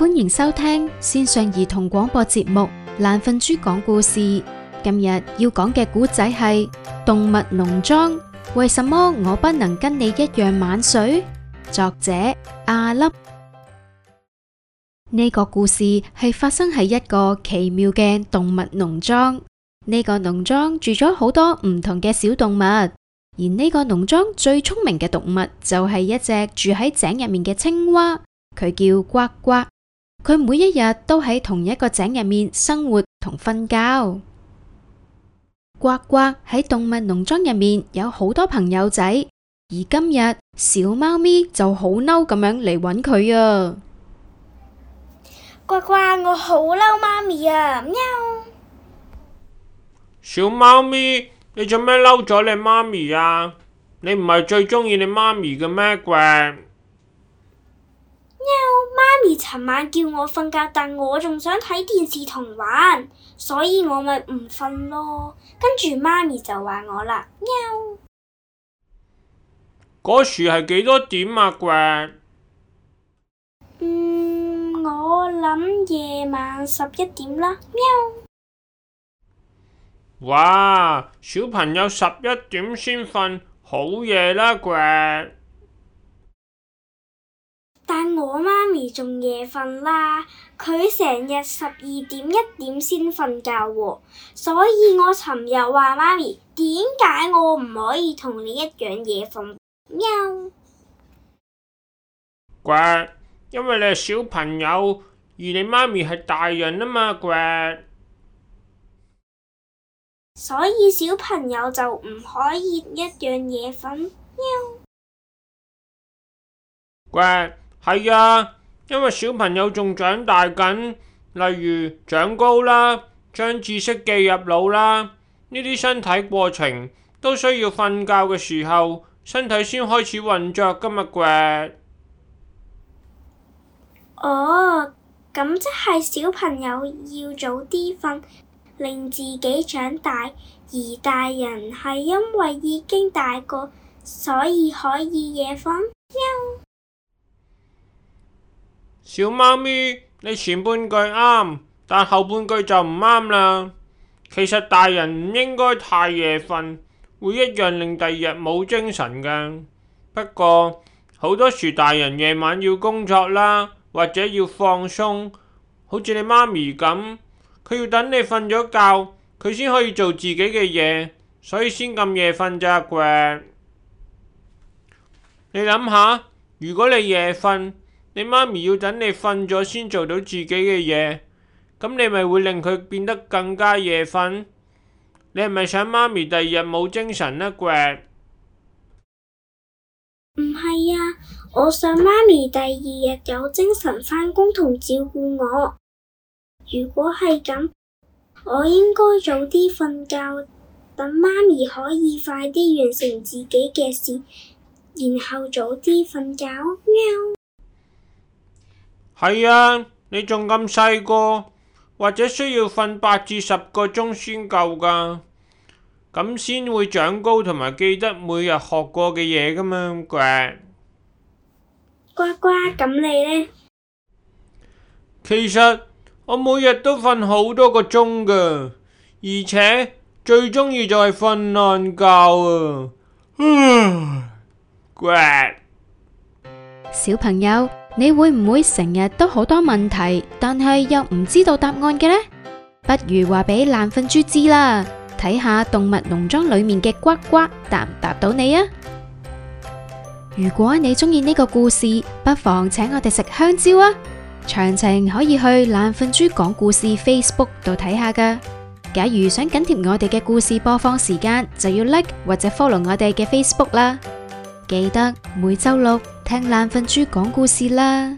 歡迎收聽線上兒童廣播節目《爛瞓豬講故事》。今日要講嘅古仔係《動物農莊》。為什麼我不能跟你一樣晚睡？作者阿粒。呢個故事係發生喺一個奇妙嘅動物農莊。呢個農莊住咗好多唔同嘅小動物，而呢個農莊最聰明嘅動物就係一隻住喺井入面嘅青蛙，佢叫呱呱。佢每一日都喺同一個井入面生活同瞓覺。呱呱喺動物農莊入面有好多朋友仔，而今日小貓咪就好嬲咁樣嚟搵佢啊！呱呱，我好嬲媽咪啊！喵。小貓咪，你做咩嬲咗你媽咪啊？你唔係最中意你媽咪嘅咩？呱。喵。媽咪尋晚叫我瞓覺，但我仲想睇電視同玩，所以我咪唔瞓咯。跟住媽咪就話我啦，喵。嗰時係幾多點啊？呱，我諗夜晚十一點啦，喵。哇，小朋友十一點先瞓，好夜啦，呱。我媽咪仲夜瞓啦，佢成日十二點一點先瞓覺喎、哦，所以我尋日話媽咪，點解我唔可以同你一樣夜瞓喵？乖，因為你係小朋友，而你媽咪係大人啊嘛，乖。所以小朋友就唔可以一樣夜瞓喵？乖。係啊，因為小朋友仲長大緊，例如長高啦、將知識記入腦啦，呢啲身體過程都需要瞓覺嘅時候，身體先開始運作噶嘛？噉哦，咁即係小朋友要早啲瞓，令自己長大，而大人係因為已經大個，所以可以夜瞓。小貓咪，你前半句啱，但後半句就唔啱啦。其實大人唔應該太夜瞓，會一樣令第二日冇精神嘅。不過好多時大人夜晚要工作啦，或者要放鬆，好似你媽咪咁，佢要等你瞓咗覺，佢先可以做自己嘅嘢，所以先咁夜瞓咋啩？你諗下，如果你夜瞓，你媽咪要等你瞓咗先做到自己嘅嘢，咁你咪會令佢變得更加夜瞓。你係咪想媽咪第二日冇精神呢？唔係啊，我想媽咪第二日有精神返工同照顧我。如果係咁，我應該早啲瞓覺，等媽咪可以快啲完成自己嘅事，然後早啲瞓覺。喵係啊，你仲咁細個，或者需要瞓八至十個鐘先夠噶，咁先會長高同埋記得每日學過嘅嘢噶嘛，呱。呱呱，咁你呢？其實我每日都瞓好多個鐘噶，而且最中意就係瞓晏覺啊，嗯，呱。小朋友。你會唔會成日都好多問題，但係又唔知道答案嘅呢？不如話俾懶瞓豬知啦，睇下動物農莊裏面嘅呱呱答唔答到你啊！如果你中意呢個故事，不妨請我哋食香蕉啊！詳情可以去懶瞓豬講故事 Facebook 度睇下㗎。假如想緊貼我哋嘅故事播放時間，就要 like 或者 follow 我哋嘅 Facebook 啦。記得每周六。聽懶瞓豬講故事啦！